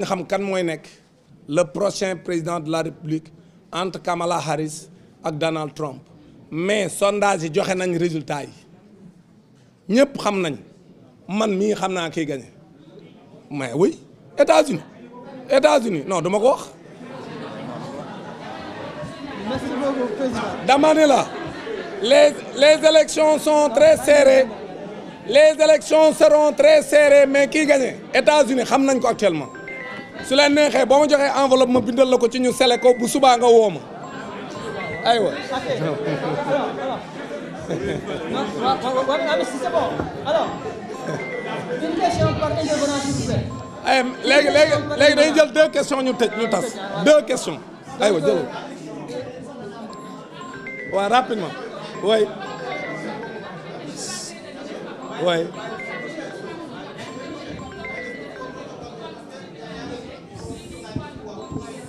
nga kan mooy nekk le prochain président de la république entre Kamala Harris ak Donald Trump mais sondage yi joxe nañ résultat yi ñëpp xam nañ man mi xam naa ki gagné mais oui États-Unis non duma ko wax. dama ne la les les élections sont très serrées les élections seront très serrées mais kiy gagné États-Unis xam nañ ko actuellement. su la neexee boo ma joxee enveloppe ma bindal la ko ci ñu sele ko bu subaa nga woo ma aywa. jël deux question ñu tëj ñu tas deux questions jël waaw rapidement oui oui.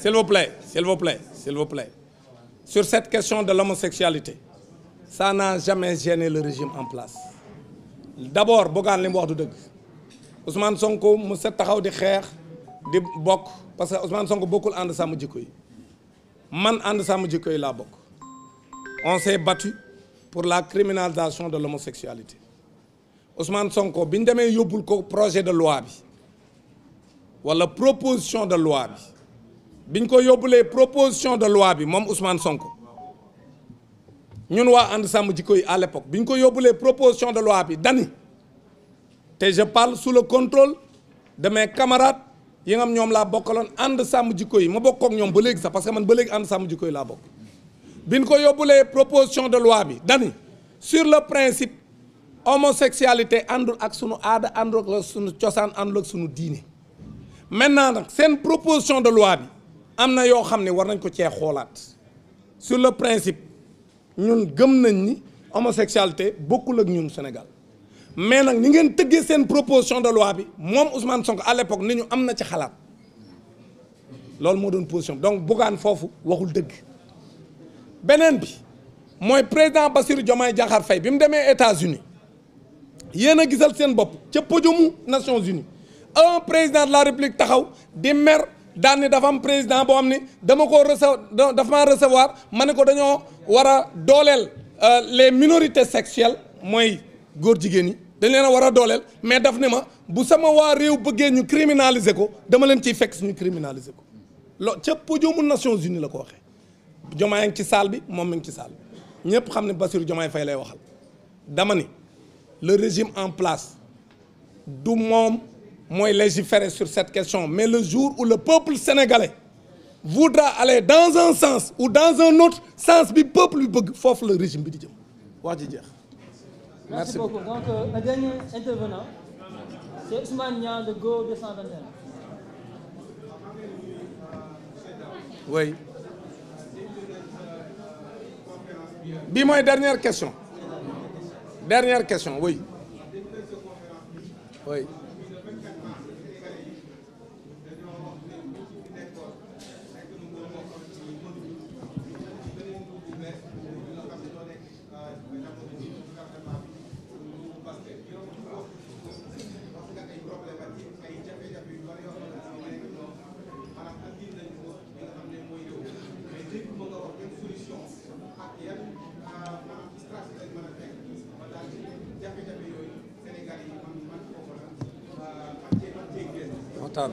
s'il vous plaît s'il vous plaît s'il vous plaît sur cette question de l'homosexualité ça n'a jamais gêné le régime en place d'abord Bougane li mu wax du dëgg Ousmane Sonko mu set taxaw di xeex di bokk parce que Ousmane Sonko bokkul ànd sàmm jikko yi man ànd sàmm jikko yi laa bokk on s'est battu pour la criminalisation de l'homosexualité Ousmane Sonko bi ñu demee yóbbul ko projet de loi bi wala proposition de loi bi biñ ko yóbbulee proposition de loi bi moom Ousmane Sonko ñun waa ànd sàmm jikko yi à l'époque biñ ko yóbbulee proposition de loi bi dani te je parle sous le contrôle de mes camarades yi xam ñoom laa bokk bokkaloon ànd sàmm jikko yi ma bokk ñoom ba léegi sax parce que man ba léegi ànd sàmm jikko yi laa bokk biñ ko yóbbulee proposition de loi bi dani sur le principe homosexualité àndul ak sunu aada àndul ak sunu cosaan àndul ak sunu diine maintenant nag seen proposition de loi bi am na yoo xam ne war nañ ko cee xoolaat sur le principe ñun gëm nañ ni homosexualité bokkul ak ñun Sénégal mais nag ni ngeen tëggee seen proposition de loi bi moom Ousmane Sonko à l'époque ni ñu am na ci xalaat loolu moo doon position donc Bougane foofu waxul dëgg beneen bi mooy président Bassirou Diomaye Diakhar Faye bi mu demee États-Unis yéen a gisal seen bopp ca podiumu Nations Unies un président de la République taxaw di mer. daan ni dafa am président boo xam ni dama ko recevoir dafa maa recevoir ma ne ko dañoo war a dooleel euh, les minorités sexuelles mooy góor jigéen yi dañ leen a war a dooleel mais daf ne ma bu sama waa réew bëggee ñu criminaliser ko dama leen ciy fekk suñu criminaliser ko lo ca podiumu Nations Unies la ko waxee Diomaye ngi ci salle bi moom mi ngi ci salle bi ñëpp xam ne Bassirou Diomaye fay lay waxal dama ni le régime en place du moom mooy légiférer sur cette question mais le jour où le peuple sénégalais voudra aller dans un sens ou dans un autre sens bi peuple bi bëgg foofu le régime bi di jëm wax ji jeex. merci beaucoup donc euh, le dernier intervenant oui. bi dernière question. dernière question oui. oui. waxtaan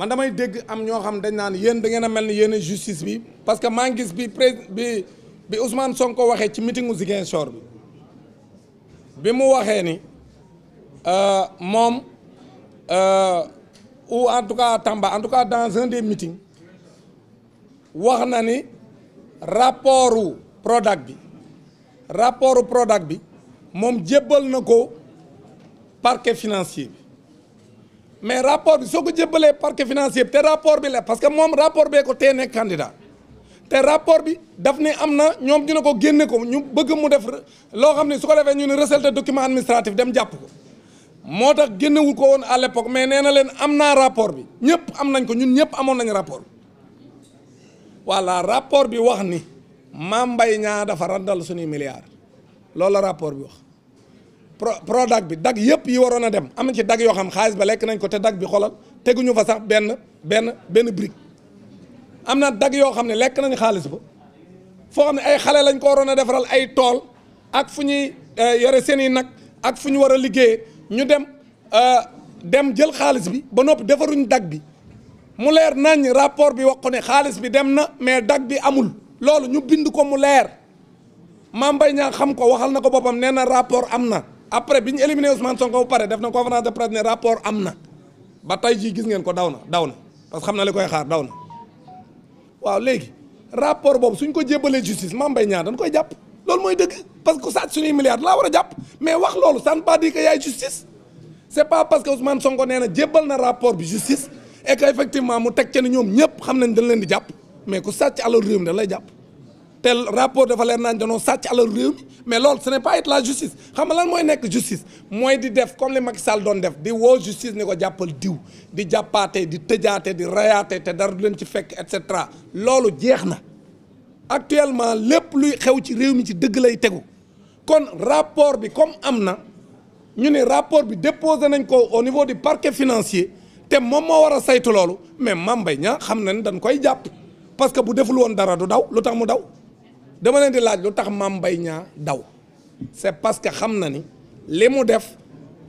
man damay dégg am ñoo xam dañ naan yéen da ngeen a mel ni yéen justice bi parce que maa ngi gis bi prés bi bi Ousmane Sonko waxee ci meetingu Ziguinchor bi bi mu waxee ni euh, moom euh, ou en tout cas Tamba en tout cas dans un des meetings wax na ni rapportu Prodac bi rapportu Prodac bi moom jébbal na ko parquet financier mais rapport bi soo ko jébbalee parquet financier bi te rapport bi la parce que moom rapport bee ko tee nekk candidat te rapport bi daf ne am na ñoom ñu ne ko génne ko ñu bëgg mu def loo xam ne su ko defee ñu ne recel document administratif dem jàpp ko moo tax génnewul ko woon à l'époque mais nee na leen am naa rapport bi ñëpp am nañ ko ñun ñëpp amoon nañ rapport voilà rapport bi wax ni Mame Mbaye Niang dafa randal suñuy milliards loolu la rapport bi pro Prodac bi dag yëpp yi waroon a dem am na ci dag yoo xam xaalis ba lekk nañ ko te dag bi xolal teguñu fa sax benn benn benn brique am na dag yoo xam ne lekk nañ xaalis ba foo xam ne ay xale lañ ko waroon a defaral ay tool ak fu ñuy eh, yore seen nag ak fu ñu war a liggéeyee ñu dem eh, dem jël xaalis bi ba noppi defaruñ dag bi mu leer nañ rapport bi wax ko ne xaalis bi dem na mais dag bi amul loolu ñu bind ko mu leer Mame Mbaye Niang xam ko waxal na ko boppam nee na rapport am na. après bi ñu éliminé Ousmane Sonko ba pare def na conférence de presse ne rapport am na ba tey jii gis ngeen ko daw na daw na parce que xam na li koy xaar daw na waaw léegi rapport boobu suñ ko jébalee justice Mame Mbaye Niang dañ koy jàpp loolu mooy dëgg parce que ku sàcc suñuy milliards laa war a jàpp mais wax loolu ça ne pas dire que yaay justice c' pas parce que Ousmane Sonko nee na jébal na rapport bi justice et effectivement mu teg ca ni ñoom ñëp xam nañ dañ leen di jàpp mais ku sàcc alal lay jàpp. te rapport dafa leer naan danoo sàcc alalu réew mi mais loolu ce n'est pas être la justice xam nga lan mooy nekk justice mooy di def comme li Macky Sall doon def di woo justice ni ko jàppal diw di jàppaate di tëjaate di rayaate te dara du leen ci fekk et cetera loolu jeex na actuellement lépp luy xew ci réew mi ci dëgg lay tegu kon rapport bi comme am na ñu ne rapport bi déposé nañ ko au niveau du parquet financier te moom moo war a saytu loolu mais Mame Mbaye xam na ne dañ koy jàpp parce que bu deful woon dara du daw lu tax mu daw dama leen di laaj lu tax maam bay ñaa daw c'est parce que xam na ni li mu def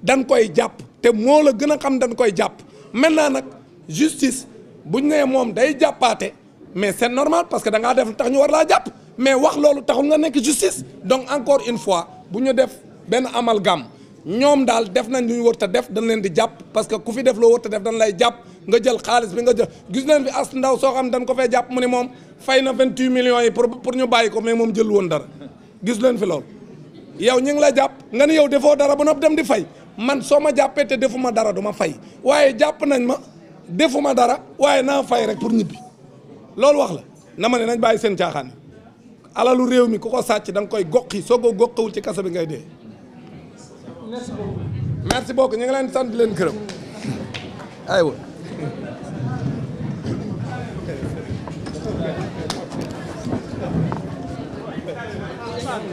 dañ koy jàpp te moo la gën a xam dañ koy jàpp maintenant nag justice ñu nee moom day jàppaate mais c'est normal parce que da ngaa def lu tax ñu war laa jàpp mais wax loolu taxul nga nekk justice donc encore une fois bu ñu def benn amal gàmm ñoom daal def nañ lu ñu war a def dañ leen di jàpp parce que ku fi def loo war def dañ lay jàpp nga jël xaalis bi nga jël gis nañ fi as ndaw soo xam dañ ko fee jàpp mu ne moom fay na 28 millions yi pour pour ñu bàyyi ko mais moom jël woon dara gis leen fi lool. yow ñu ngi la jàpp nga ne yow defoo dara ba noppi dem di fay man soo ma jàppee te defu ma dara du ma fay waaye jàpp nañ ma defu ma dara waaye naa fay rek pour ñibbi loolu wax la na ma ne nañ bàyyi seen caaxaan alalu réew mi ku ko sàcc da koy goqi soo ko goqiwul ci kasa bi ngay dee. merci beaucoup ñu ngi leen di sant di leen gërëm aywa